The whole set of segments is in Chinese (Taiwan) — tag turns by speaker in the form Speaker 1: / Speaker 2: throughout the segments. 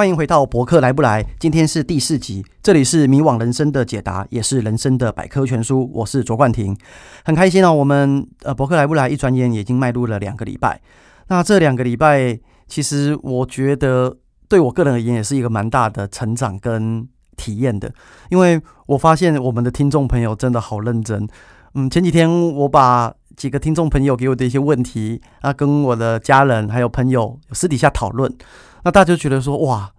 Speaker 1: 歡迎回到柏克萊不來，今天是第四集，這裡是迷惘人生的解答，也是人生的百科全書。我是卓冠廷，很開心啊、哦。我們呃，柏克萊不來，一轉眼已經邁入了兩個禮拜。那這兩個禮拜，其實我覺得對我個人而言，也是一個蠻大的成長跟體驗的。因為我發現我們的聽眾朋友真的好認真。嗯，前幾天我把幾個聽眾朋友給我的一些問題啊，跟我的家人還有朋友私底下討論，那大家就覺得說哇。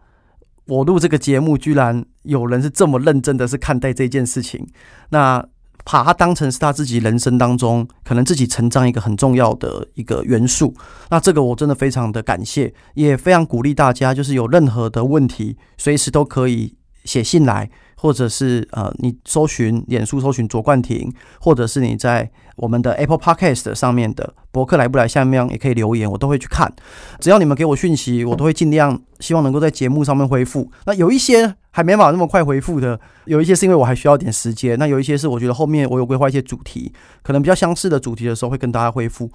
Speaker 1: 我錄這個節目，居然有人是這麼認真的，是看待這件事情，那把他當成是他自己人生當中可能自己成長一個很重要的一個元素。那這個我真的非常的感謝，也非常鼓勵大家，就是有任何的問題，隨時都可以寫信來，或者是呃，你搜尋臉書搜尋卓冠廷，或者是你在。我們的 Apple Podcast 上面的柏克萊不來，下面也可以留言，我都會去看。只要你們給我訊息，我都會盡量希望能夠在節目上面回復。那有一些還沒法那麼快回復的，有一些是因為我還需要點時間。那有一些是我覺得後面我有規劃一些主題，可能比較相似的主題的時候會跟大家回復。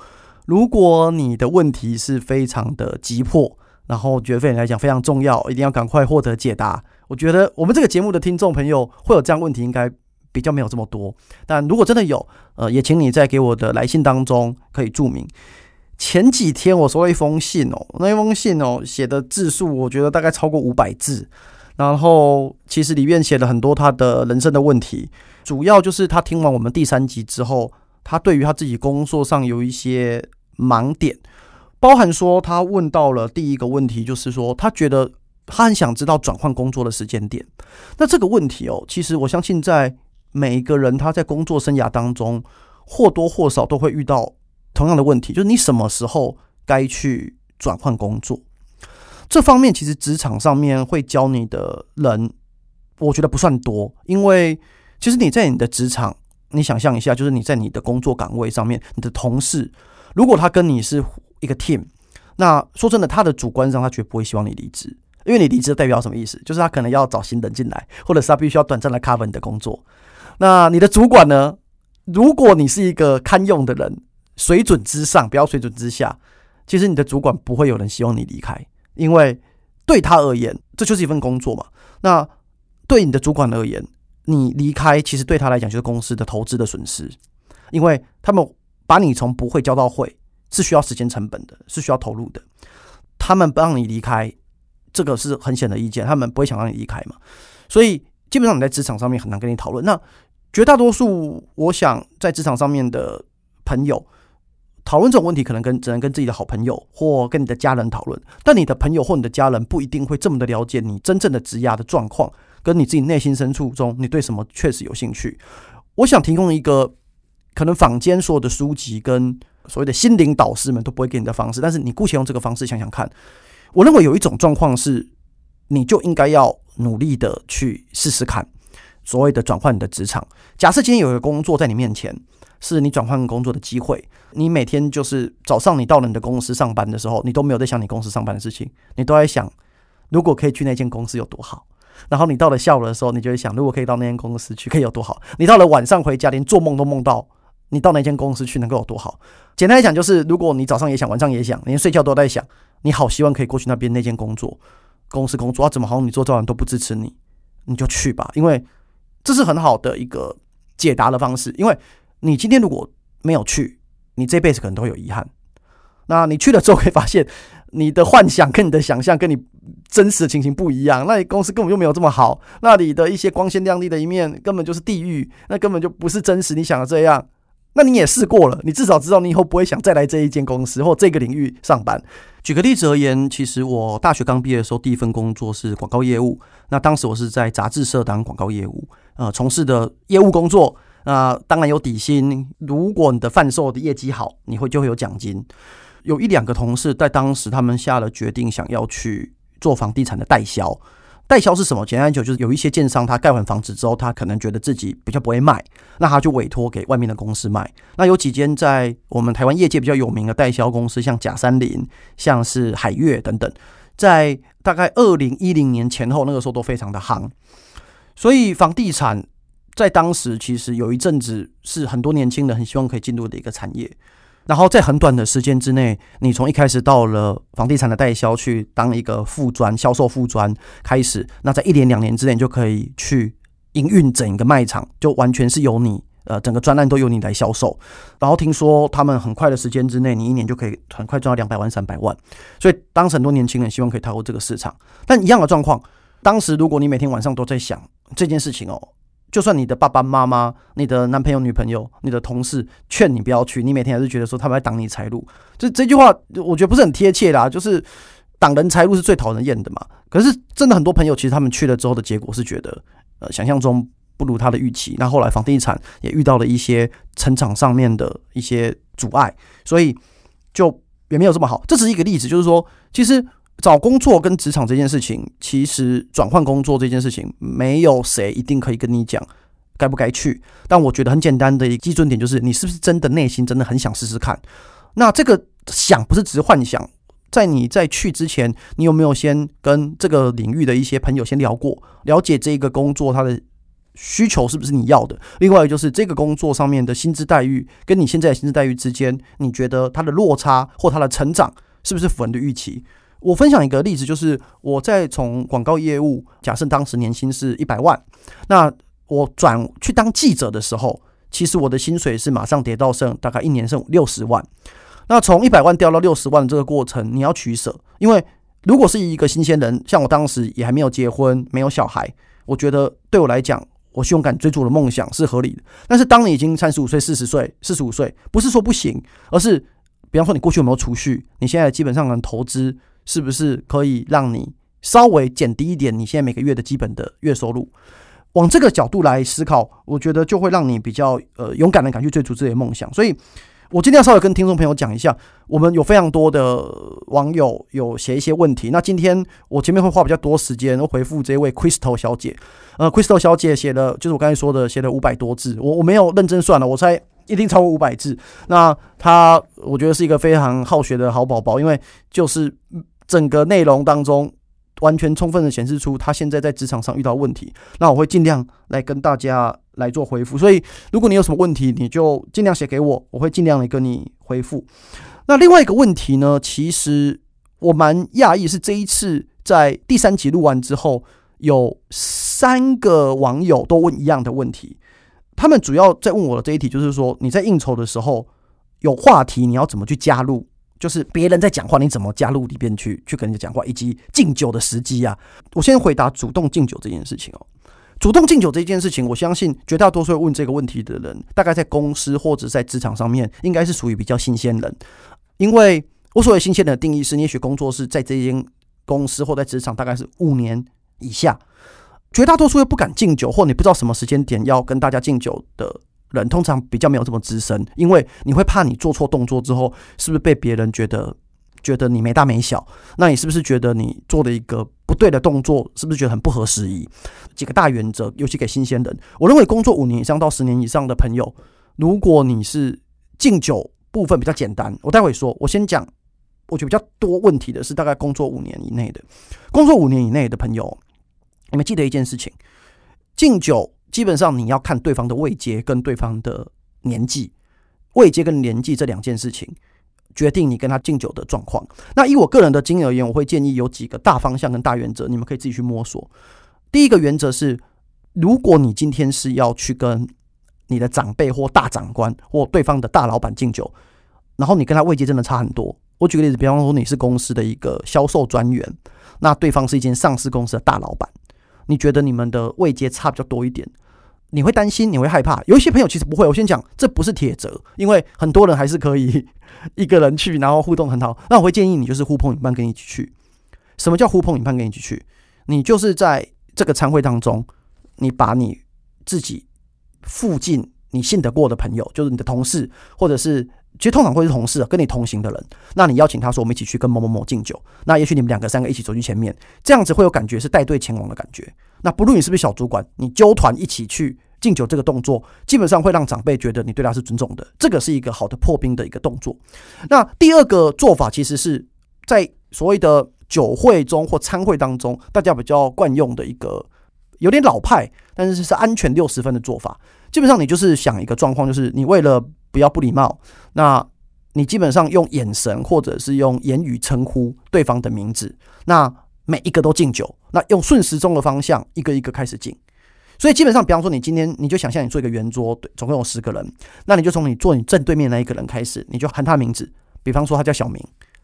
Speaker 1: 如果你的問題是非常的急迫，然後覺得對你來講非常重要，一定要趕快獲得解答。我覺得我們這個節目的聽眾朋友會有這樣問題，應該。比較沒有這麼多，但如果真的有，呃，也請你在給我的來信當中可以註明。前幾天我收到一封信哦、喔，那封信哦、喔，寫的字數我覺得大概超過五百字，然後其實裡面寫了很多他的人生的問題。主要就是他聽完我們第三集之後，他對於他自己工作上有一些盲點，包含說他問到了第一個問題，就是說他覺得他很想知道轉換工作的時間點。那這個問題哦、喔，其實我相信在每一個人他在工作生涯當中或多或少都會遇到同樣的問題，就是你什麼時候該去轉換工作。這方面其實職場上面會教你的人，我覺得不算多，因為其實你在你的職場，你想象一下，就是你在你的工作崗位上面，你的同事如果他跟你是一個 team，那說真的，他的主觀上他絕不會希望你離職，因為你離職代表什麼意思？就是他可能要找新人進來，或者是他必須要短暫的 cover 你的工作。那你的主管呢？如果你是一個堪用的人，水準之上，不要水準之下，其實你的主管不會有人希望你離開，因為對他而言，這就是一份工作嘛。那對你的主管而言，你離開其實對他來講就是公司的投資的損失，因為他們把你從不會教到會是需要時間成本的，是需要投入的。他們不讓你離開，這個是很顯而易見，他們不會想讓你離開嘛。所以基本上你在職場上面很難跟你討論。那絕大多數，我想在職場上面的朋友討論這種問題，可能跟只能跟自己的好朋友或跟你的家人討論。但你的朋友或你的家人不一定會這麼的了解你真正的職涯的狀況，跟你自己內心深處中你對什麼確實有興趣。我想提供一個可能坊間所有的書籍跟所謂的心靈導師們都不會給你的方式，但是你姑且用這個方式想想看。我認為有一種狀況是，你就應該要努力的去試試看。所謂的轉換你的職場，假設今天有一個工作在你面前，是你轉換工作的機會。你每天就是早上你到了你的公司上班的時候，你都沒有在想你公司上班的事情，你都在想如果可以去那間公司有多好。然後你到了下午的時候，你就會想如果可以到那間公司去，可以有多好。你到了晚上回家，連做夢都夢到你到那間公司去能夠有多好。簡單來講，就是如果你早上也想，晚上也想，連睡覺都在想，你好希望可以過去那邊那間工作公司工作，啊，怎麼好像你做這晚都不支持你，你就去吧，因為。這是很好的一個解答的方式，因為你今天如果沒有去，你這輩子可能都會有遺憾。那你去了之後，會發現你的幻想跟你的想象，跟你真實的情形不一樣。那你公司根本就沒有這麼好，那裡的一些光鮮亮麗的一面根本就是地獄，那根本就不是真實你想的這樣。那你也試過了，你至少知道你以後不會想再來這一間公司或這個領域上班。舉個例子而言，其實我大學剛畢業的時候，第一份工作是廣告業務，那當時我是在雜誌社當廣告業務。呃，從事的業務工作，那、呃、當然有底薪。如果你的販售的業績好，你會就會有獎金。有一兩個同事在當時，他們下了決定，想要去做房地產的代銷。代銷是什麼？簡單來講，就是有一些建商他蓋完房子之後，他可能覺得自己比較不會賣，那他就委托給外面的公司賣。那有幾間在我們台灣業界比較有名的代銷公司，像甲山林、像是海悅等等，在大概二零一零年前後，那個時候都非常的夯。所以房地產在當時其實有一陣子是很多年輕人很希望可以進入的一個產業，然後在很短的時間之內，你從一開始到了房地產的代銷，去當一個副專、銷售副專開始，那在一年兩年之內你就可以去營運整個賣場，就完全是由你呃，整個專案都由你來銷售。然後聽說他們很快的時間之內，你一年就可以很快賺到兩百萬三百萬，所以當時很多年輕人希望可以踏入這個市場，但一樣的狀況。當時，如果你每天晚上都在想這件事情哦，就算你的爸爸媽媽、你的男朋友、女朋友、你的同事勸你不要去，你每天還是覺得說他們在擋你財路。就這句話，我覺得不是很貼切啦。就是擋人財路是最討人厭的嘛。可是，真的很多朋友其實他們去了之後的結果是覺得，呃，想象中不如他的預期。那後來房地產也遇到了一些成長上面的一些阻礙，所以就也沒有這麼好。這是一個例子，就是說，其實。找工作跟職場這件事情，其實轉換工作這件事情，沒有誰一定可以跟你講該不該去。但我覺得很簡單的一個基準點就是，你是不是真的內心真的很想試試看？那這個想不是只是幻想，在你在去之前，你有沒有先跟這個領域的一些朋友先聊過，了解這個工作它的需求是不是你要的？另外就是這個工作上面的薪資待遇跟你現在的薪資待遇之間，你覺得它的落差或它的成長是不是符合你的預期？我分享一個例子，就是我在從廣告業務，假設當時年薪是一百萬，那我轉去當記者的時候，其實我的薪水是馬上跌到剩大概一年剩六十萬。那從一百萬掉到六十萬的這個過程，你要取捨。因為如果是一個新鮮人，像我當時也還沒有結婚、沒有小孩，我覺得對我來講，我是勇敢追逐的夢想是合理的。但是當你已經三十五歲、四十歲、四十五歲，不是說不行，而是比方說你過去有沒有儲蓄，你現在基本上能投資。是不是可以讓你稍微減低一點你現在每個月的基本的月收入？往這個角度來思考，我覺得就會讓你比較呃勇敢的敢去追逐自己的夢想。所以，我今天要稍微跟聽眾朋友講一下，我們有非常多的網友有寫一些問題。那今天我前面會花比較多時間回復這位 Crystal 小姐。呃，Crystal 小姐寫的，就是我剛才說的，寫了五百多字。我我沒有認真算了，我猜一定超過五百字。那她我覺得是一個非常好學的好寶寶，因為就是。整個內容當中，完全充分的顯示出他現在在職場上遇到問題。那我會盡量來跟大家來做回復。所以，如果你有什麼問題，你就盡量寫給我，我會盡量的跟你回復。那另外一個問題呢，其實我蠻訝異，是這一次在第三集錄完之後，有三個網友都問一樣的問題。他們主要在問我的這一題，就是說你在應酬的時候有話題，你要怎麼去加入？就是別人在講話，你怎麼加入裡邊去去跟人家講話，以及敬酒的時機啊？我先回答主動敬酒這件事情哦。主動敬酒這件事情，我相信絕大多數問這個問題的人，大概在公司或者在職場上面，應該是屬於比較新鮮人。因為我所謂新鮮的定義是，你也許工作是在這間公司或在職場，大概是五年以下。絕大多數又不敢敬酒，或你不知道什麼時間點要跟大家敬酒的。人通常比較沒有這麼資深，因為你會怕你做錯動作之後，是不是被別人覺得覺得你沒大沒小？那你是不是覺得你做了一個不對的動作，是不是覺得很不合時宜？幾個大原則，尤其給新鮮人。我認為工作五年以上到十年以上的朋友，如果你是敬酒部分比較簡單，我待會說。我先講，我覺得比較多問題的是大概工作五年以內的，工作五年以內的朋友，你們記得一件事情，敬酒，基本上你要看對方的位階跟對方的年紀，位階跟年紀這兩件事情決定你跟他敬酒的狀況。那以我個人的經驗而言，我會建議有幾個大方向跟大原則，你們可以自己去摸索。第一個原則是，如果你今天是要去跟你的長輩或大長官或對方的大老闆敬酒，然後你跟他位階真的差很多。我舉個例子，比方說你是公司的一個銷售專員，那對方是一間上市公司的大老闆，你覺得你們的位階差比較多一點。你會擔心，你會害怕。有一些朋友其實不會。我先講，這不是鐵則，因為很多人還是可以一個人去，然後互動很好。那我會建議你，就是呼朋引伴跟你一起去。什麼叫呼朋引伴跟你一起去你就是在這個餐會當中，你把你自己附近你信得過的朋友，就是你的同事，或者是。其實通常會是同事跟你同行的人，那你邀請他說，我們一起去跟某某某敬酒，那也許你們兩個三個一起走去前面，這樣子會有感覺是帶隊前往的感覺。那不論你是不是小主管，你揪團一起去敬酒這個動作，基本上會讓長輩覺得你對他是尊重的，這個是一個好的破冰的一個動作。那第二個做法其實是在所謂的酒會中或餐會當中，大家比較慣用的一個有點老派，但是是安全六十分的做法。基本上你就是想一個狀況，就是你為了。不要不禮貌。那你基本上用眼神或者是用言語稱呼對方的名字，那每一個都敬酒，那用順時鐘的方向一個一個開始敬。所以基本上，比方說你今天你就想象你坐一個圓桌，對，總共有十個人，那你就從你坐你正對面的那一個人開始，你就喊他名字。比方說他叫小明，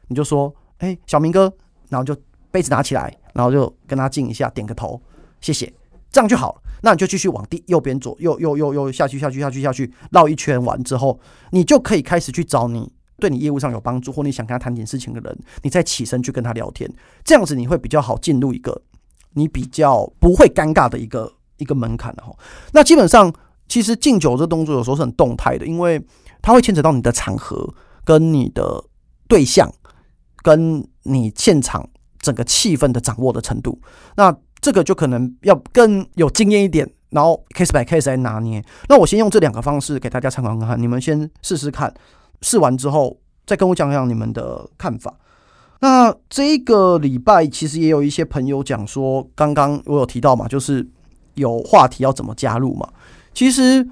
Speaker 1: 你就說：“哎、欸，小明哥。”然後就杯子拿起來，然後就跟他敬一下，點個頭，謝謝。這樣就好了，那你就繼續往第右邊走，右右右右下去下去下去下去，繞一圈完之後，你就可以開始去找你對你業務上有幫助或你想跟他談點事情的人，你再起身去跟他聊天，這樣子你會比較好進入一個你比較不會尷尬的一個一個門檻了哈。那基本上，其實敬酒這動作有時候是很動態的，因為它會牽扯到你的場合、跟你的對象、跟你現場整個氣氛的掌握的程度。那這個就可能要更有經驗一點，然後 case by case 來拿捏。那我先用這兩個方式給大家參考看看，你們先試試看，試完之後再跟我講講你們的看法。那這個禮拜其實也有一些朋友講說，剛剛我有提到嘛，就是有話題要怎麼加入嘛。其實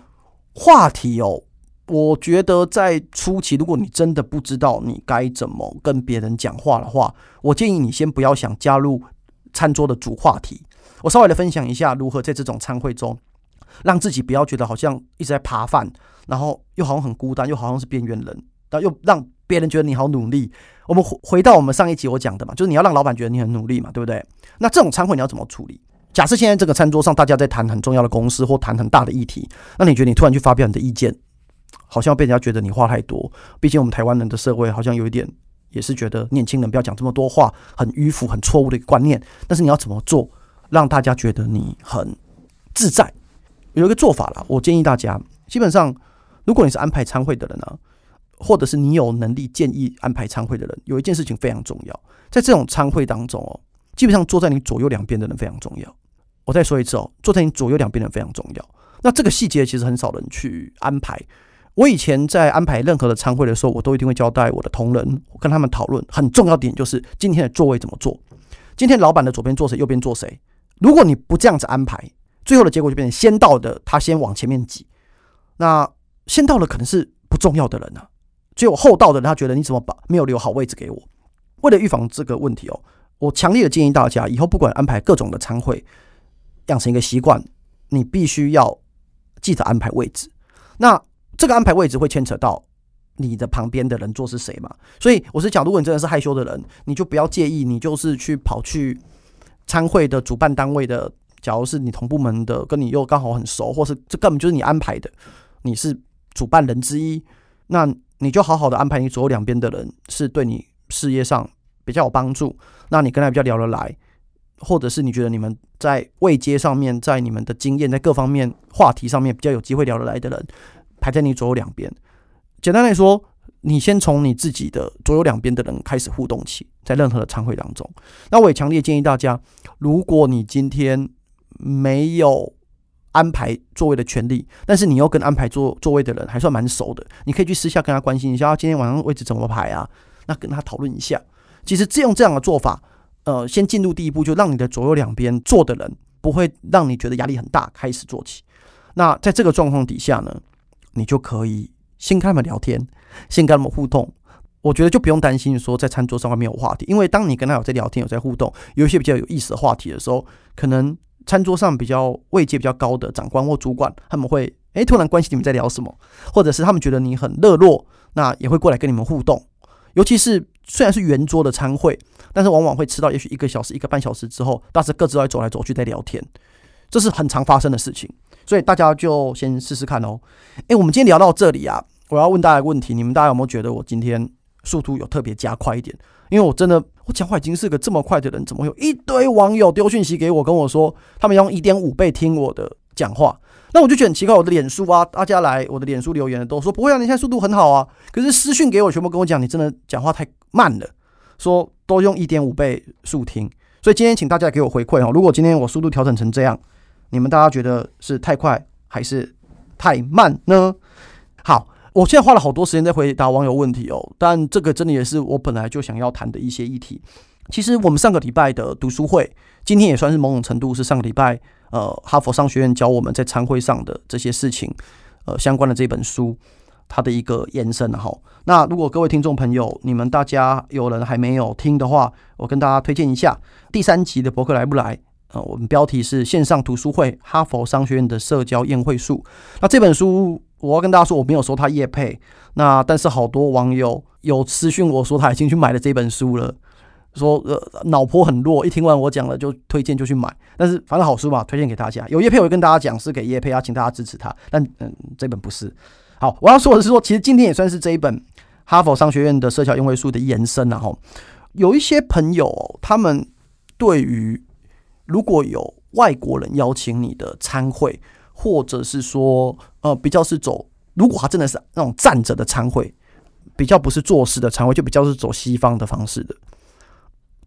Speaker 1: 話題哦，我覺得在初期，如果你真的不知道你該怎麼跟別人講話的話，我建議你先不要想加入。餐桌的主話題，我稍微來分享一下如何在這種餐會中，讓自己不要覺得好像一直在扒飯，然後又好像很孤單，又好像是邊緣人，然後又讓別人覺得你好努力。我們回回到我們上一集我講的嘛，就是你要讓老闆覺得你很努力嘛，對不對？那這種餐會你要怎麼處理？假設現在這個餐桌上大家在談很重要的公司或談很大的議題，那你覺得你突然去發表你的意見，好像被人家覺得你話太多。畢竟我們台灣人的社會好像有一點。也是覺得年輕人不要講這麼多話，很迂腐、很錯誤的一個觀念。但是你要怎麼做，讓大家覺得你很自在？有一個做法啦，我建議大家，基本上如果你是安排餐會的人呢、啊，或者是你有能力建議安排餐會的人，有一件事情非常重要，在這種餐會當中哦，基本上坐在你左右兩邊的人非常重要。我再說一次哦，坐在你左右兩邊的人非常重要。那這個細節其實很少人去安排。我以前在安排任何的餐會的時候，我都一定會交代我的同仁，跟他們討論很重要點，就是今天的座位怎麼坐。今天老闆的左邊坐誰，右邊坐誰。如果你不這樣子安排，最後的結果就變成先到的他先往前面擠。那先到的可能是不重要的人呢、啊，只有後到的人他覺得你怎麼把沒有留好位置給我？為了預防這個問題哦，我強烈的建議大家以後不管安排各種的餐會，養成一個習慣，你必須要記得安排位置。那這個安排位置會牽扯到你的旁邊的人坐是誰嘛？所以我是講，如果你真的是害羞的人，你就不要介意，你就是去跑去餐會的主辦單位的。假如是你同部門的，跟你又剛好很熟，或是這根本就是你安排的，你是主辦人之一，那你就好好的安排你左右兩邊的人，是對你事業上比較有幫助，那你跟他比較聊得來，或者是你覺得你們在位階上面，在你們的經驗在各方面話題上面比較有機會聊得來的人。排在你左右兩邊。簡單來說，你先從你自己的左右兩邊的人開始互動起，在任何的餐會當中。那我也強烈建議大家，如果你今天沒有安排座位的權利，但是你又跟安排座座位的人還算蠻熟的，你可以去私下跟他關心一下，今天晚上位置怎麼排啊？那跟他討論一下。其實，這樣這樣的做法，呃，先進入第一步，就讓你的左右兩邊坐的人不會讓你覺得壓力很大，開始做起。那在這個狀況底下呢？你就可以先跟他們聊天，先跟他們互動。我覺得就不用擔心說在餐桌上會沒有話題，因為當你跟他有在聊天，有在互動，有一些比較有意思的話題的時候，可能餐桌上比較位階比較高的長官或主管，他們會誒、欸、突然關心你們在聊什麼，或者是他們覺得你很熱絡，那也會過來跟你們互動。尤其是雖然是圓桌的餐會，但是往往會吃到也許一個小時、一個半小時之後，但是各自都在走來走去在聊天，這是很常發生的事情。所以大家就先試試看哦。誒、欸，我們今天聊到這裡啊，我要問大家一個問題：你們大家有沒有覺得我今天速度有特別加快一點？因為我真的，我講話已經是個這麼快的人，怎麼有一堆網友丟訊息給我，跟我說他們用一點五倍聽我的講話？那我就覺得很奇怪，我的臉書啊，大家來我的臉書留言都說不會啊，你現在速度很好啊。可是私訊給我全部跟我講，你真的講話太慢了，說都用一點五倍速聽。所以今天請大家給我回饋哦，如果今天我速度調整成這樣。你們大家覺得是太快還是太慢呢？好，我現在花了好多時間在回答網友問題哦，但這個真的也是我本來就想要談的一些議題。其實我們上個禮拜的讀書會，今天也算是某種程度是上個禮拜呃哈佛商學院教我們在餐會上的這些事情呃，相關的這本書它的一個延伸哈。那如果各位聽眾朋友你們大家有人還沒有聽的話，我跟大家推薦一下第三集的柏克萊不來。呃，我們標題是《線上圖書會：哈佛商學院的社交宴會術》。那這本書，我要跟大家說，我沒有收他業配。那但是好多網友有私信我說他已經去買了這本書了，說呃腦波很弱，一聽完我講了就推薦就去買。但是反正好書嘛，推薦給大家。有業配，我會跟大家講是給業配啊，請大家支持他。但嗯，這本不是。好，我要說的是說，其實今天也算是這一本哈佛商學院的社交宴會術的延伸了哈。有一些朋友，他們對於。如果有外國人邀請你的餐會，或者是說，呃，比較是走，如果他真的是那種站着的餐會，比較不是坐式的餐會，就比較是走西方的方式的，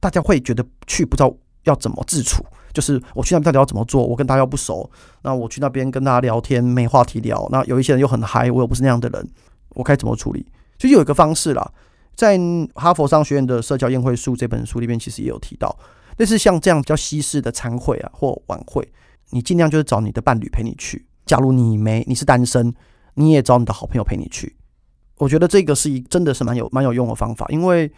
Speaker 1: 大家會覺得去不知道要怎麼自處。就是我去那邊到底要怎麼做？我跟大家又不熟，那我去那邊跟大家聊天沒話題聊，那有一些人又很嗨，我又不是那樣的人，我該怎麼處理？其實有一個方式啦，在哈佛商學院的《社交宴會術》這本書裡面，其實也有提到。但是像這樣比較西式的餐會啊或晚會，你盡量就是找你的伴侶陪你去。假如你沒你是單身，你也找你的好朋友陪你去。我覺得這個是一真的是蠻有蠻有用的方法，因為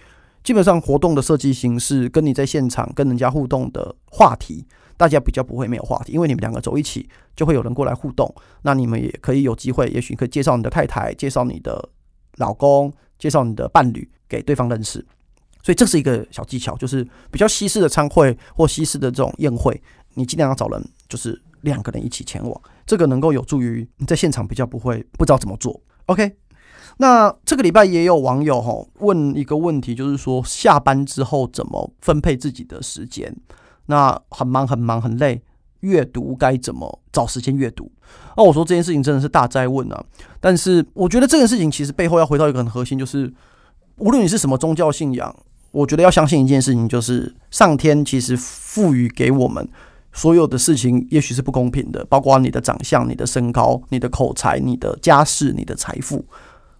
Speaker 1: 基本上活動的設計形式，跟你在現場跟人家互動的話題，大家比較不會沒有話題，因為你們兩個走一起，就會有人過來互動。那你們也可以有機會，也許可以介紹你的太太、介紹你的老公、介紹你的伴侶給對方認識。所以這是一個小技巧，就是比較西式的餐會或西式的這種宴會，你儘量要找人，就是兩個人一起前往，這個能夠有助於你在現場比較不會不知道怎麼做。OK，那這個禮拜也有網友吼、哦、問一個問題，就是說下班之後怎麼分配自己的時間？那很忙很忙很累，閱讀該怎麼找時間閱讀？哦、啊，我說這件事情真的是大哉問啊！但是我覺得這件事情其實背後要回到一個很核心，就是無論你是什麼宗教信仰。我覺得要相信一件事情，就是上天其實賦予給我們所有的事情，也許是不公平的，包括你的長相、你的身高、你的口才、你的家世、你的財富、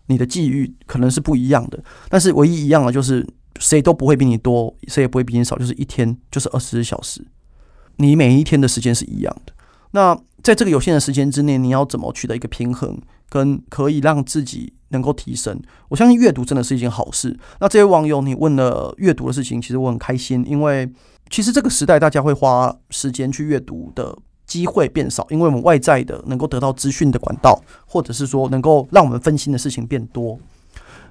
Speaker 1: 你的際遇，可能是不一樣的。但是唯一一樣的就是，誰都不會比你多，誰也不會比你少，就是一天，就是二十四小時，你每一天的時間是一樣的。那在這個有限的時間之內，你要怎麼取得一個平衡？跟可以讓自己能夠提升，我相信閱讀真的是一件好事。那這位網友，你問了閱讀的事情，其實我很開心，因為其實這個時代大家會花時間去閱讀的機會變少，因為我們外在的能夠得到資訊的管道，或者是說能夠讓我們分心的事情變多。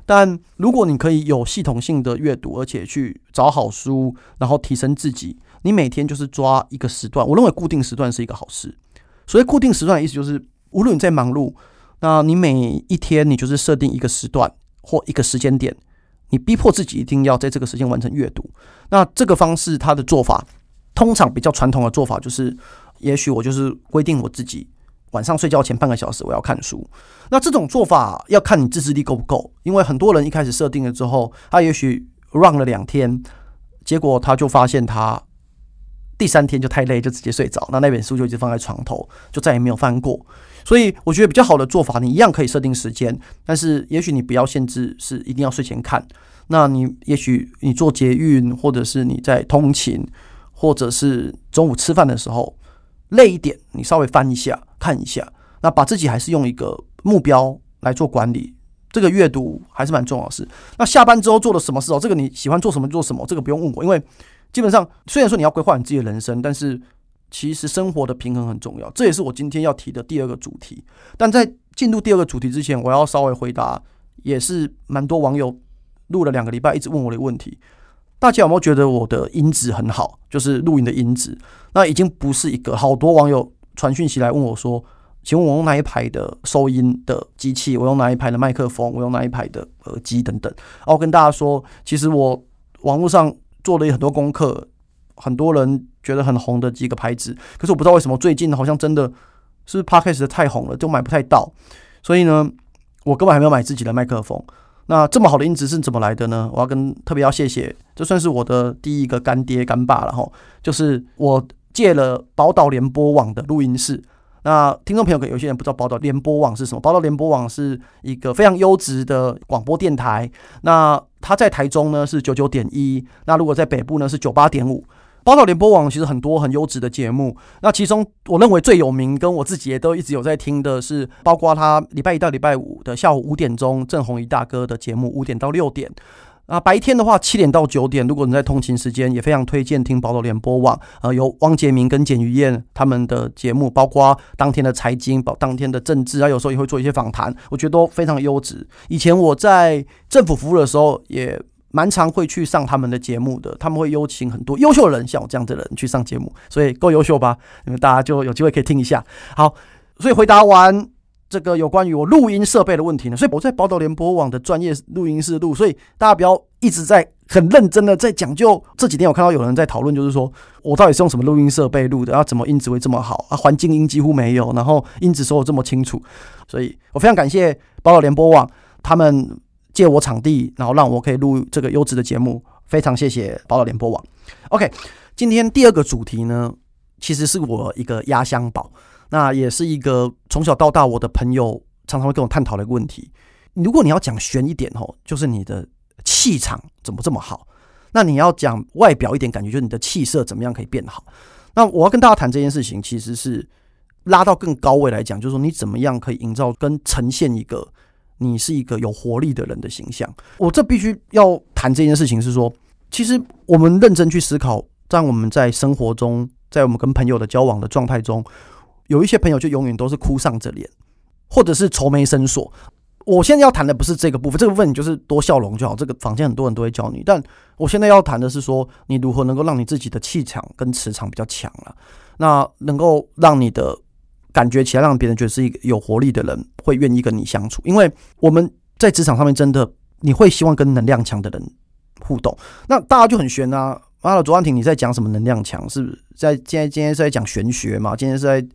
Speaker 1: 但如果你可以有系統性的閱讀，而且去找好書，然後提升自己，你每天就是抓一個時段，我認為固定時段是一個好事。所以固定時段的意思就是，無論你在忙碌。那你每一天，你就是設定一個時段或一個時間點，你逼迫自己一定要在這個時間完成閱讀。那這個方式，它的做法通常比較傳統的做法就是，也許我就是規定我自己晚上睡覺前半個小時我要看書。那這種做法要看你自制力夠不夠，因為很多人一開始設定了之後，他也許 run 了兩天，結果他就發現他。第三天就太累，就直接睡着。那那本書就一直放在床頭，就再也沒有翻過。所以我覺得比較好的做法，你一樣可以設定時間，但是也許你不要限制是一定要睡前看。那你也許你坐捷運，或者是你在通勤，或者是中午吃飯的時候累一點，你稍微翻一下看一下。那把自己還是用一個目標來做管理，這個閱讀還是蠻重要的事。那下班之後做了什麼事哦？這個你喜歡做什麼做什麼，這個不用問我，因為。基本上，雖然說你要規劃你自己的人生，但是其實生活的平衡很重要，這也是我今天要提的第二個主題。但在進入第二個主題之前，我要稍微回答，也是蠻多網友錄了兩個禮拜一直問我的問題。大家有沒有覺得我的音質很好？就是錄音的音質，那已經不是一個好多網友傳訊息來問我說，請問我用哪一排的收音的機器？我用哪一排的麥克風？我用哪一排的耳機等等。然後跟大家說，其實我網絡上。做了很多功課，很多人覺得很紅的幾個牌子，可是我不知道為什麼最近好像真的是 podcast 的太紅了，就買不太到。所以呢，我根本還沒有買自己的麥克風。那這麼好的音質是怎麼來的呢？我要跟特別要謝謝，這算是我的第一個乾爹乾爸了哈，就是我借了寶島聯播網的錄音室。那聽眾朋友，有些人不知道寶島聯播網是什麼？寶島聯播網是一個非常優質的廣播電台。那它在台中呢，是九九點一，那如果在北部呢，是九八點五。寶島聯播網其實很多很優質的節目，那其中我認為最有名，跟我自己也都一直有在聽的是，包括他禮拜一到禮拜五的下午五點鐘鄭弘儀大哥的節目，五點到六點。啊，白天的話，七點到九點，如果你在通勤時間，也非常推薦聽寶島聯播網，呃，由汪潔民跟簡余晏他們的節目，包括當天的財經、包當天的政治，啊，有時候也會做一些訪談，我覺得都非常優質。以前我在政府服務的時候，也蠻常會去上他們的節目的，他們會邀請很多優秀的人，像我這樣的人去上節目，所以夠優秀吧？你們大家就有機會可以聽一下。好，所以回答完。這個有關於我錄音設備的問題呢，所以我在寶島聯播網的專業錄音室錄，所以大家不要一直在很認真的在講究。這幾天我看到有人在討論，就是說我到底是用什麼錄音設備錄的，啊？怎麼音質會這麼好啊，環境音幾乎沒有，然後音質說的這麼清楚。所以我非常感謝寶島聯播網，他們借我場地，然後讓我可以錄這個優質的節目，非常謝謝寶島聯播網。OK，今天第二個主題呢，其實是我一個壓箱寶，那也是一個。從小到大，我的朋友常常會跟我探討的一個問題：如果你要講玄一點吼，就是你的氣場怎麼這麼好？那你要講外表一點，感覺就是你的氣色怎麼樣可以變好？那我要跟大家談這件事情，其實是拉到更高位來講，就是說你怎麼樣可以營造跟呈現一個你是一個有活力的人的形象。我這必須要談這件事情，是說其實我們認真去思考，在我們在生活中，在我們跟朋友的交往的狀態中。有一些朋友就永遠都是哭喪着臉，或者是愁眉深鎖。我現在要談的不是這個部分，這個部分就是多笑容就好。這個坊間很多人都會教你，但我現在要談的是說，你如何能夠讓你自己的氣場跟磁場比較強了啊，那能夠讓你的感覺起來，讓別人覺得是一個有活力的人，會願意跟你相處。因為我們在職場上面真的，你會希望跟能量強的人互動，那大家就很懸啊。好、啊、了，卓萬庭，你在講什麼能量強，是不是在？今天今天是在講玄學嗎？今天是在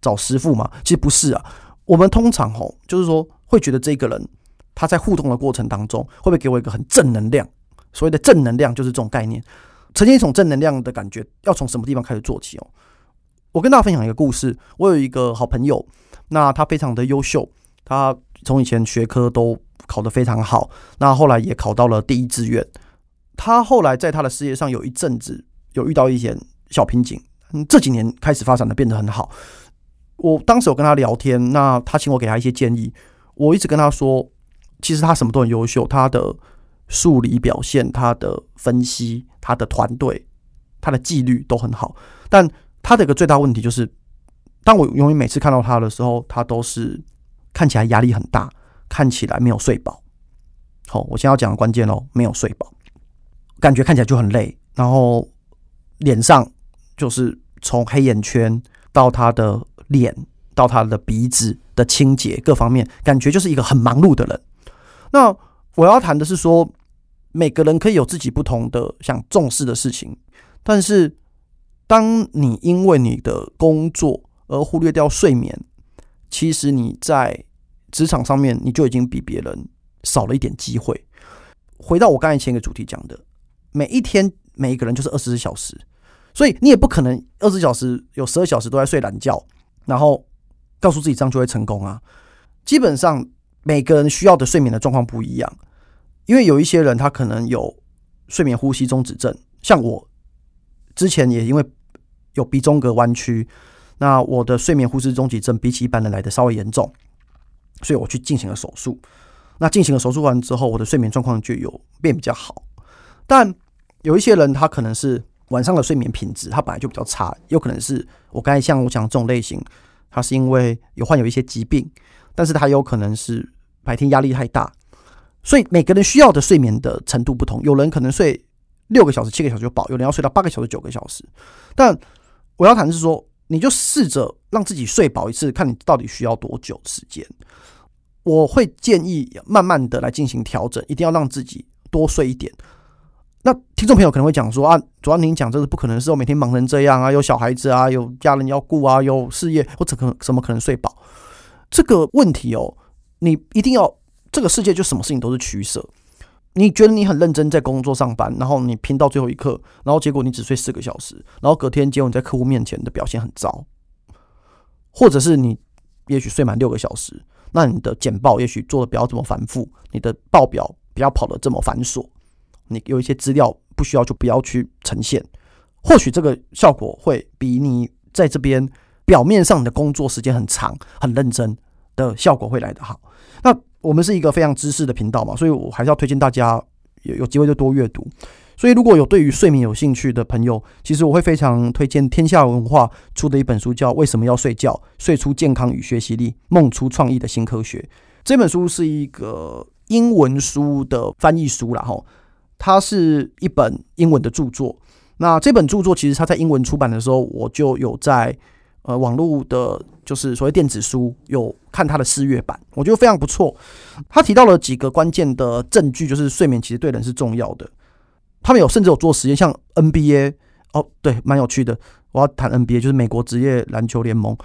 Speaker 1: 找師傅嗎？其實不是啊。我們通常吼，就是說會覺得這個人他在互動的過程當中，會不會給我一個很正能量？所謂的正能量就是這種概念，呈現一種正能量的感覺，要從什麼地方開始做起哦？我跟大家分享一個故事。我有一個好朋友，那他非常的優秀，他從以前學科都考得非常好，那後來也考到了第一志願。他後來在他的事業上有一陣子有遇到一些小瓶頸，嗯，這幾年開始發展的變得很好。我當時有跟他聊天，那他請我給他一些建議。我一直跟他說，其實他什麼都很優秀，他的數理表現、他的分析、他的團隊、他的紀律都很好。但他的一個最大問題就是，當我永遠每次看到他的時候，他都是看起來壓力很大，看起來沒有睡飽。好、哦，我先要講的關鍵哦，沒有睡飽。感覺看起來就很累，然後臉上就是從黑眼圈到他的臉到他的鼻子的清潔各方面，感覺就是一個很忙碌的人。那我要談的是說，每個人可以有自己不同的想重視的事情，但是當你因為你的工作而忽略掉睡眠，其實你在職場上面你就已經比別人少了一點機會。回到我剛才前一個主題講的。每一天，每一個人就是二十四小時，所以你也不可能二十小時有十二小時都在睡懶覺，然後告訴自己這樣就會成功啊！基本上每個人需要的睡眠的狀況不一樣，因為有一些人他可能有睡眠呼吸中止症，像我之前也因為有鼻中隔彎曲，那我的睡眠呼吸中止症比起一般人來的稍微嚴重，所以我去進行了手術。那進行了手術完之後，我的睡眠狀況就有變比較好。但有一些人，他可能是晚上的睡眠品質，他本來就比較差。有可能是我剛才像我講這種類型，他是因為有患有一些疾病，但是他有可能是白天壓力太大，所以每個人需要的睡眠的程度不同。有人可能睡六個小時、七個小時就飽，有人要睡到八個小時、九個小時。但我要談是說，你就試着讓自己睡飽一次，看你到底需要多久的時間。我會建議慢慢的來進行調整，一定要讓自己多睡一點。那聽眾朋友可能會講說啊，主要您講這是不可能，是我每天忙成這樣啊，有小孩子啊，有家人要顧啊，有事業，或者可能怎麼可能睡飽？這個問題哦，你一定要這個世界就什麼事情都是取捨。你覺得你很認真在工作上班，然後你拼到最後一刻，然後結果你只睡四個小時，然後隔天結果你在客戶面前的表現很糟，或者是你也許睡滿六個小時，那你的簡報也許做的不要這麼繁複，你的報表不要跑得這麼繁瑣。你有一些資料不需要就不要去呈現，或許這個效果會比你在這邊表面上的工作時間很長、很認真的效果會來得好。那我們是一個非常知識的頻道嘛，所以我還是要推薦大家有有機會就多閱讀。所以如果有對於睡眠有興趣的朋友，其實我會非常推薦天下文化出的一本書，叫《為什麼要睡覺？睡出健康與學習力，夢出創意的新科學》。這本書是一個英文書的翻譯書啦哈。它是一本英文的著作，那這本著作其實它在英文出版的時候，我就有在呃網絡的，就是所謂電子書有看它的試閱版，我覺得非常不錯。他提到了幾個關鍵的證據，就是睡眠其實對人是重要的。他們有甚至有做實驗，像 NBA 哦，對，蠻有趣的。我要談 NBA，就是美國職業籃球聯盟。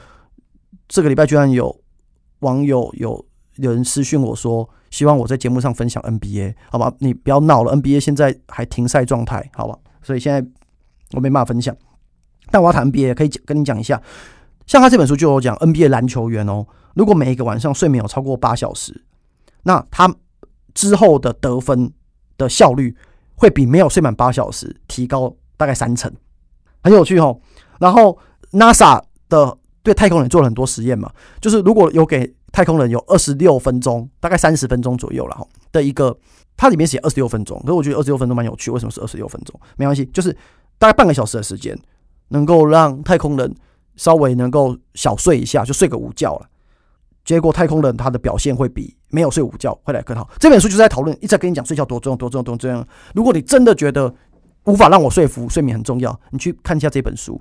Speaker 1: 這個禮拜居然有網友有。有人私訊我說，希望我在節目上分享 NBA，好吧？你不要鬧了，NBA 現在還停賽狀態，好吧？所以現在我沒辦法分享。但我要談 NBA，可以跟跟你講一下，像他這本書就有講 NBA 籃球員哦，如果每一個晚上睡眠有超過八小時，那他之後的得分的效率會比沒有睡滿八小時提高大概三成，很有趣哦。然後 NASA 的對太空人做了很多實驗嘛，就是如果有給太空人有二十六分鐘，大概三十分鐘左右了哈的一個，它裡面寫二十六分鐘，可是我覺得二十六分鐘蠻有趣。為什麼是二十六分鐘？沒關係，就是大概半個小時的時間，能夠讓太空人稍微能夠小睡一下，就睡個午覺了。結果太空人他的表現會比沒有睡午覺會來更好。這本書就是在討論，一直在跟你講睡覺多重要，多重要，多重要，多重要。如果你真的覺得，無法讓我說服，睡眠很重要。你去看一下這本書，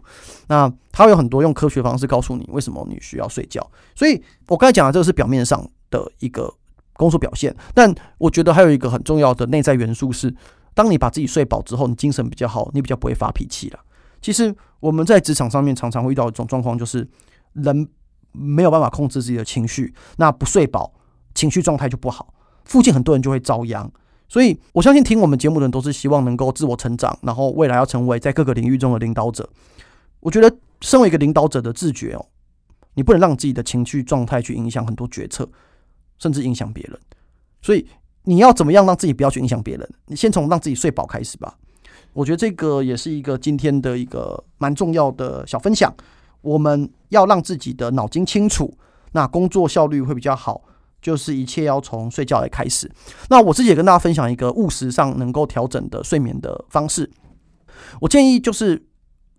Speaker 1: 那它會有很多用科學方式告訴你為什麼你需要睡覺。所以我剛才講的這個是表面上的一個工作表現，但我覺得還有一個很重要的內在元素是，當你把自己睡飽之後，你精神比較好，你比較不會發脾氣了。其實我們在職場上面常常會遇到一種狀況，就是人沒有辦法控制自己的情緒，那不睡飽，情緒狀態就不好，附近很多人就會遭殃。所以，我相信聽我們節目的人都是希望能夠自我成長，然後未來要成為在各個領域中的領導者。我覺得，身為一個領導者的自覺哦，你不能讓自己的情緒狀態去影響很多決策，甚至影響別人。所以，你要怎麼樣讓自己不要去影響別人？你先從讓自己睡飽開始吧。我覺得這個也是一個今天的一個蠻重要的小分享。我們要讓自己的腦筋清楚，那工作效率會比較好。就是一切要從睡覺來開始。那我自己也跟大家分享一個務實上能夠調整的睡眠的方式。我建議就是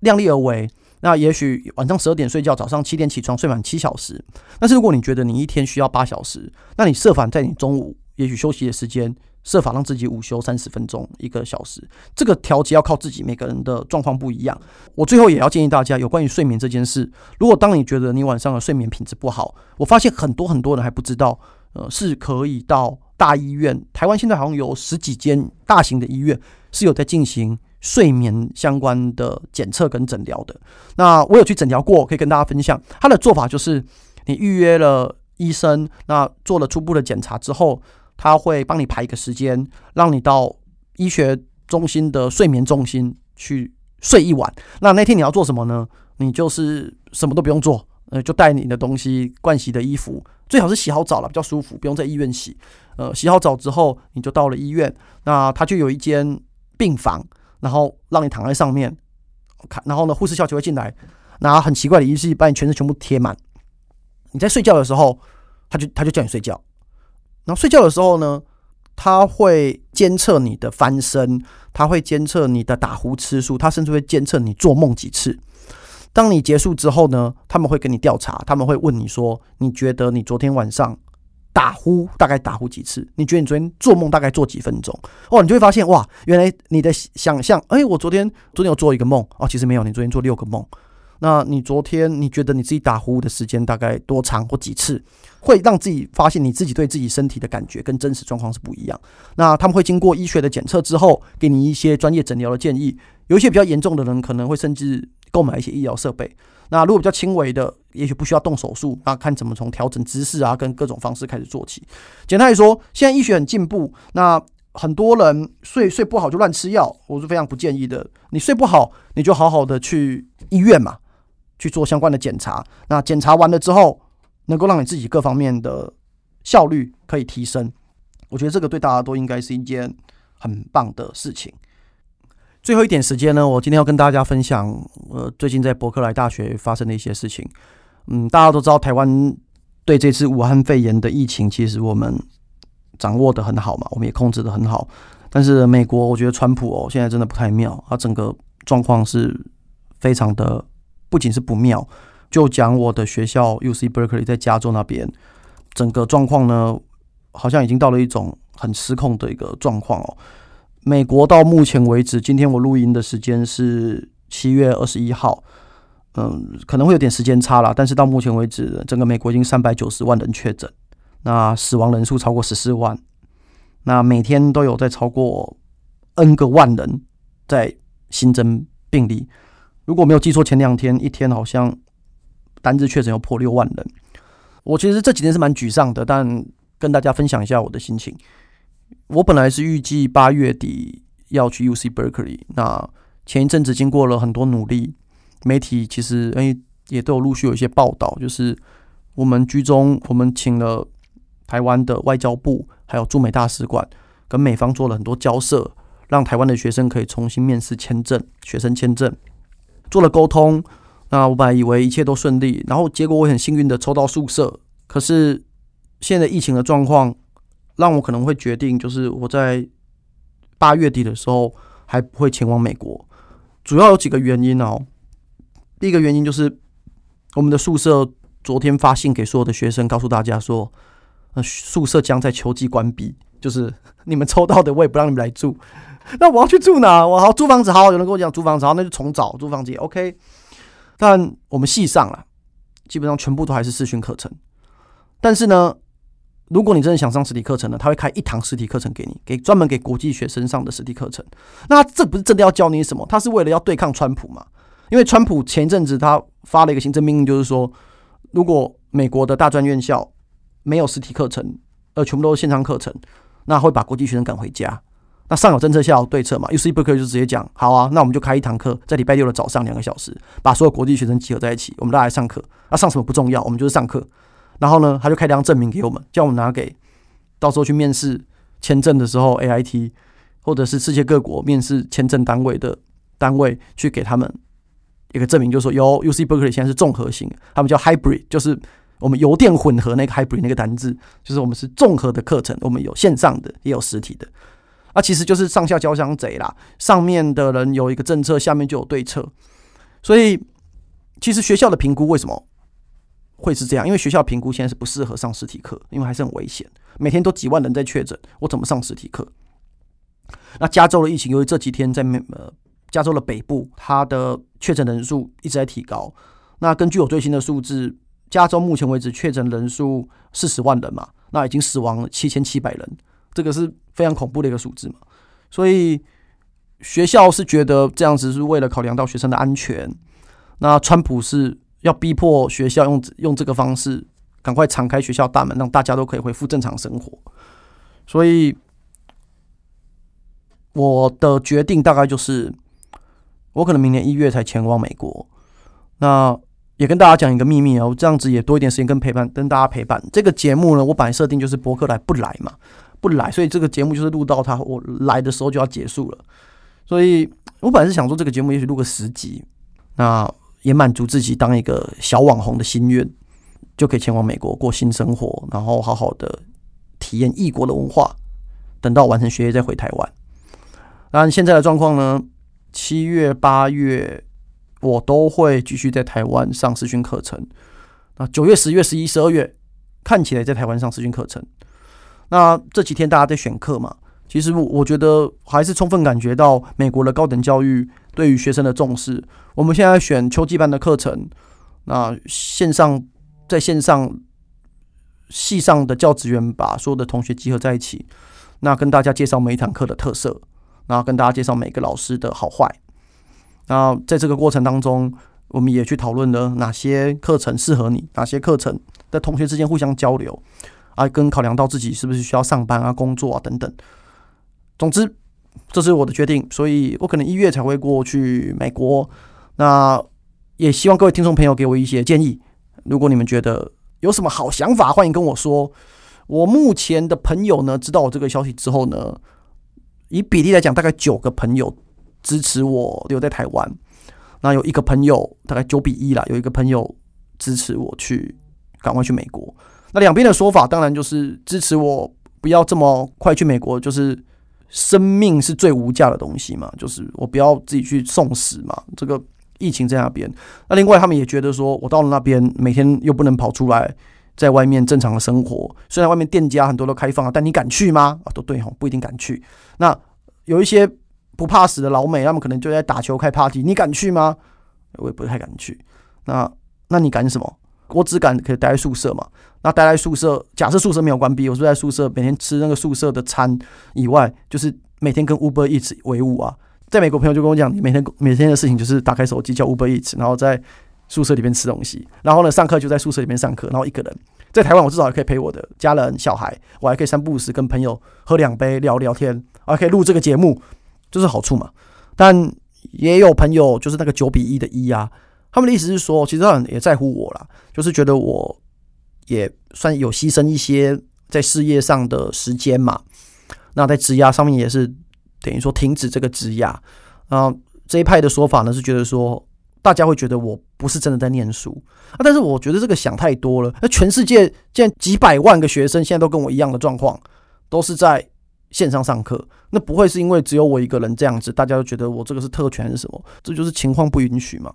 Speaker 1: 量力而為。那也許晚上十二點睡覺，早上七點起床，睡滿七小時。但是如果你覺得你一天需要八小時，那你設法在你中午也許休息的時間設法讓自己午休三十分鐘、一個小時。這個調節要靠自己，每個人的狀況不一樣。我最後也要建議大家，有關於睡眠這件事，如果當你覺得你晚上的睡眠品質不好，我發現很多很多人還不知道。呃，是可以到大醫院。台灣現在好像有十幾間大型的醫院是有在進行睡眠相關的檢測跟診療的。那我有去診療過，可以跟大家分享。他的做法就是，你預約了醫生，那做了初步的檢查之後，他會幫你排一個時間，讓你到醫學中心的睡眠中心去睡一晚。那那天你要做什麼呢？你就是什麼都不用做。呃，就帶你的東西，盥洗的衣服，最好是洗好澡了，比較舒服，不用在醫院洗。呃，洗好澡之後，你就到了醫院，那他就有一間病房，然後讓你躺在上面，看，然後呢，護士小姐會進來，拿很奇怪的儀器，把你全身全部貼滿。你在睡覺的時候，他就他就叫你睡覺，然後睡覺的時候呢，他會監測你的翻身，他會監測你的打呼次數，他甚至會監測你做夢幾次。當你結束之後呢？他們會給你調查，他們會問你說：“你覺得你昨天晚上打呼大概打呼幾次？你覺得你昨天做夢大概做幾分鐘？”哦，你就會發現哇，原來你的想象，哎、欸，我昨天昨天有做一個夢哦，其實沒有，你昨天做六個夢。那你昨天你覺得你自己打呼的時間大概多長或幾次？會讓自己發現你自己對自己身體的感覺跟真實狀況是不一樣。那他們會經過醫學的檢測之後，給你一些專業診療的建議。有一些比較嚴重的人，可能會甚至。購買一些醫療設備。那如果比較輕微的，也許不需要動手術，那看怎麼從調整姿勢啊，跟各種方式開始做起。簡單來說，現在醫學很進步，那很多人睡睡不好就亂吃藥，我是非常不建議的。你睡不好，你就好好的去醫院嘛，去做相關的檢查。那檢查完了之後，能夠讓你自己各方面的效率可以提升。我覺得這個對大家都應該是一件很棒的事情。最後一點時間呢，我今天要跟大家分享，呃，最近在柏克萊大學發生的一些事情。嗯，大家都知道，台灣對這次武漢肺炎的疫情，其實我們掌握得很好嘛，我們也控制得很好。但是美國，我覺得川普哦，現在真的不太妙，他整個狀況是非常的，不僅是不妙，就講我的學校 UC Berkeley 在加州那邊，整個狀況呢，好像已經到了一種很失控的一個狀況哦。美國到目前為止，今天我錄音的時間是七月二十一號，嗯，可能會有點時間差啦。但是到目前為止，整個美國已經三百九十萬人確診，那死亡人數超過十四萬，那每天都有在超過 N 個萬人在新增病例。如果沒有記錯，前兩天一天好像單日確診有破六萬人。我其實這幾天是蠻沮喪的，但跟大家分享一下我的心情。我本來是預計八月底要去 UC Berkeley。那前一陣子經過了很多努力，媒體其實哎也都有陸續有一些報道，就是我們居中，我們請了台灣的外交部還有駐美大使館跟美方做了很多交涉，讓台灣的學生可以重新面試簽證，學生簽證做了溝通。那我本來以為一切都順利，然後結果我很幸運的抽到宿舍，可是現在疫情的狀況。讓我可能會決定，就是我在八月底的時候還不會前往美國，主要有幾個原因哦、喔。第一個原因就是，我們的宿舍昨天發信給所有的學生，告訴大家說，宿舍將在秋季關閉，就是你們抽到的，我也不讓你們來住。那我要去住哪？我好租房子，好，有人跟我講租房子，好，那就重找租房子也，OK。但我們系上了，基本上全部都還是視訊課程，但是呢。如果你真的想上實體課程呢，他會開一堂實體課程給你，給專門給國際學生上的實體課程。那他這不是真的要教你什麼？他是為了要對抗川普嘛。因為川普前陣子他發了一個行政命令，就是說，如果美國的大專院校沒有實體課程，呃，全部都是線上課程，那會把國際學生趕回家。那上有政策，下有對策嘛。UC Berkeley 就直接講，好啊，那我們就開一堂課，在禮拜六的早上兩個小時，把所有國際學生集合在一起，我們大家來上課。那上什麼不重要，我們就是上課。然後呢，他就開兩張證明給我們，叫我們拿給到時候去面試簽證的時候，A I T 或者是世界各國面試簽證單位的單位去給他們一個證明，就是說喲，U C Berkeley 現在是綜合型，他們叫 hybrid，就是我們油電混合那個 hybrid 那個單字，就是我們是綜合的課程，我們有線上的也有實體的，啊，其實就是上下交相賊啦，上面的人有一個政策，下面就有對策，所以其實學校的評估為什麼？會是這樣，因為學校的評估現在是不適合上實體課，因為還是很危險。每天都幾萬人在確診，我怎麼上實體課？那加州的疫情，由於這幾天在美呃加州的北部，它的確診人數一直在提高。那根據我最新的數字，加州目前為止確診人數四十萬人嘛，那已經死亡了七千七百人，這個是非常恐怖的一個數字嘛。所以學校是覺得這樣子是為了考量到學生的安全。那川普是。要逼迫學校用、用這個方式，趕快敞開學校大門，讓大家都可以恢復正常生活。所以我的決定大概就是，我可能明年一月才前往美國。那也跟大家講一個秘密哦，啊，這樣子也多一點時間跟陪伴，跟大家陪伴。這個節目呢，我本來設定就是柏克萊不來嘛，不來，所以這個節目就是錄到他我來的時候就要結束了。所以我本來是想說，這個節目也許錄個十集，那。也滿足自己當一個小網紅的心願，就可以前往美國過新生活，然後好好的體驗異國的文化。等到完成學業再回台灣。那現在的狀況呢？七月、八月我都會繼續在台灣上視訊課程。那九月、十月、十一、十二月看起來在台灣上視訊課程。那這幾天大家在選課嘛？其實我覺得還是充分感覺到美國的高等教育對於學生的重視。我們現在選秋季班的課程，那線上在線上系上的教職員把所有的同學集合在一起，那跟大家介紹每一堂課的特色，然後跟大家介紹每個老師的好壞。那在這個過程當中，我們也去討論了哪些課程適合你，哪些課程在同學之間互相交流啊，跟考量到自己是不是需要上班啊、工作啊等等。總之，這是我的決定，所以我可能一月才會過去美國。那也希望各位聽眾朋友給我一些建議。如果你們覺得有什麼好想法，歡迎跟我說。我目前的朋友呢，知道我這個消息之後呢，以比例來講，大概九個朋友支持我留在台灣，那有一個朋友大概九比一啦，有一個朋友支持我去趕快去美國。那兩邊的說法，當然就是支持我不要這麼快去美國，就是。生命是最無價的東西嘛，就是我不要自己去送死嘛。這個疫情在那邊，那另外他們也覺得說我到了那邊，每天又不能跑出來，在外面正常的生活。雖然外面店家很多都開放了，但你敢去嗎？啊，都對吼，不一定敢去。那有一些不怕死的老美，他們可能就在打球、開 party，你敢去嗎？我也不太敢去。那那你敢什麼？我只敢可以待在宿舍嘛？那待在宿舍，假設宿舍沒有關閉，我住在宿舍，每天吃那個宿舍的餐以外，就是每天跟 Uber Eats 為伍啊。在美國朋友就跟我講，你每天每天的事情就是打開手機叫 Uber Eats，然後在宿舍裡面吃東西，然後呢，上課就在宿舍裡面上課，然後一個人在台灣，我至少還可以陪我的家人、小孩，我還可以三不五時跟朋友喝兩杯、聊聊天，我還可以錄這個節目，就是好處嘛。但也有朋友就是那個九比一的一啊。他們的意思是說，其實他們也在乎我啦，就是覺得我也算有犧牲一些在事業上的時間嘛。那在質押上面也是等於說停止這個質押啊。然後這一派的說法呢是覺得說，大家會覺得我不是真的在念書啊。但是我覺得這個想太多了。那全世界現在幾百萬個學生現在都跟我一樣的狀況，都是在線上上課，那不會是因為只有我一個人這樣子，大家都覺得我這個是特權還是什麼？這就是情況不允許嘛。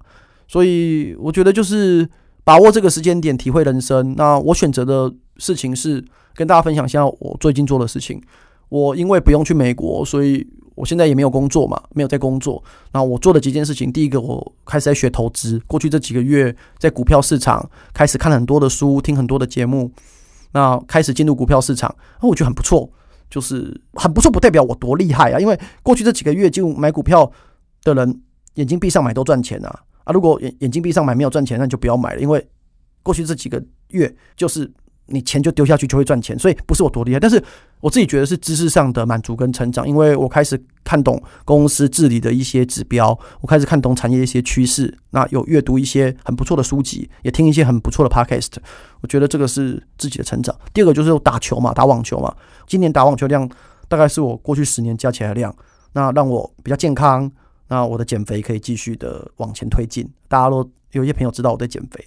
Speaker 1: 所以我覺得就是把握這個時間點，體會人生。那我選擇的事情是跟大家分享一下我最近做的事情。我因為不用去美國，所以我現在也沒有工作嘛，沒有在工作。那我做了幾件事情。第一個，我開始在學投資。過去這幾個月，在股票市場開始看很多的書，聽很多的節目，那開始進入股票市場。那我覺得很不錯，就是很不錯，不代表我多厲害啊。因為過去這幾個月進入買股票的人，眼睛閉上買都賺錢啊。啊，如果眼眼睛閉上買沒有賺錢，那你就不要買了。因為過去這幾個月，就是你錢就丟下去就會賺錢。所以不是我多厲害，但是我自己覺得是知識上的滿足跟成長。因為我開始看懂公司治理的一些指標，我開始看懂產業一些趨勢。那有閱讀一些很不錯的書籍，也聽一些很不錯的 podcast。我覺得這個是自己的成長。第二個就是打球嘛，打網球嘛。今年打網球量大概是我過去十年加起來的量，那讓我比較健康。那我的減肥可以繼續的往前推進，大家都有些朋友知道我在減肥。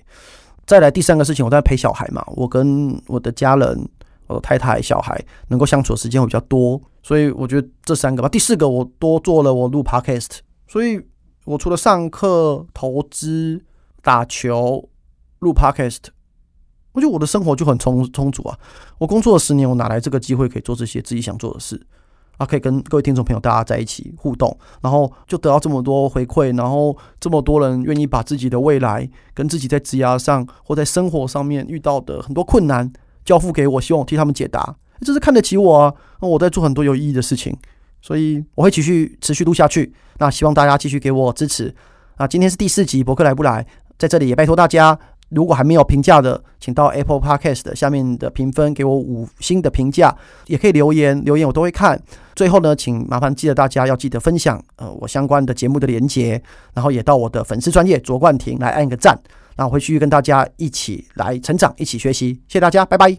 Speaker 1: 再來第三個事情，我在陪小孩嘛，我跟我的家人、我的太太、小孩能夠相處的時間會比較多，所以我覺得這三個吧。第四個，我多做了我錄 Podcast，所以我除了上課、投資、打球、錄 Podcast，我覺得我的生活就很充充足啊。我工作了十年，我哪來這個機會可以做這些自己想做的事？啊，可以跟各位聽眾朋友大家在一起互動，然後就得到這麼多回饋，然後這麼多人願意把自己的未來跟自己在職涯上或在生活上面遇到的很多困難交付給我，希望我替他們解答，這是看得起我啊！那我在做很多有意義的事情，所以我會繼續持續錄下去。那希望大家繼續給我支持。那今天是第四集，柏克萊不來？在這裡也拜托大家。如果還沒有評價的，請到 Apple Podcast 下面的評分給我五星的評價，也可以留言，留言我都會看。最後呢，請麻煩記得大家要記得分享，呃，我相關的節目的連結，然後也到我的粉絲專頁卓冠廷來按個讚。那我回去跟大家一起來成長，一起學習，謝謝大家，拜拜。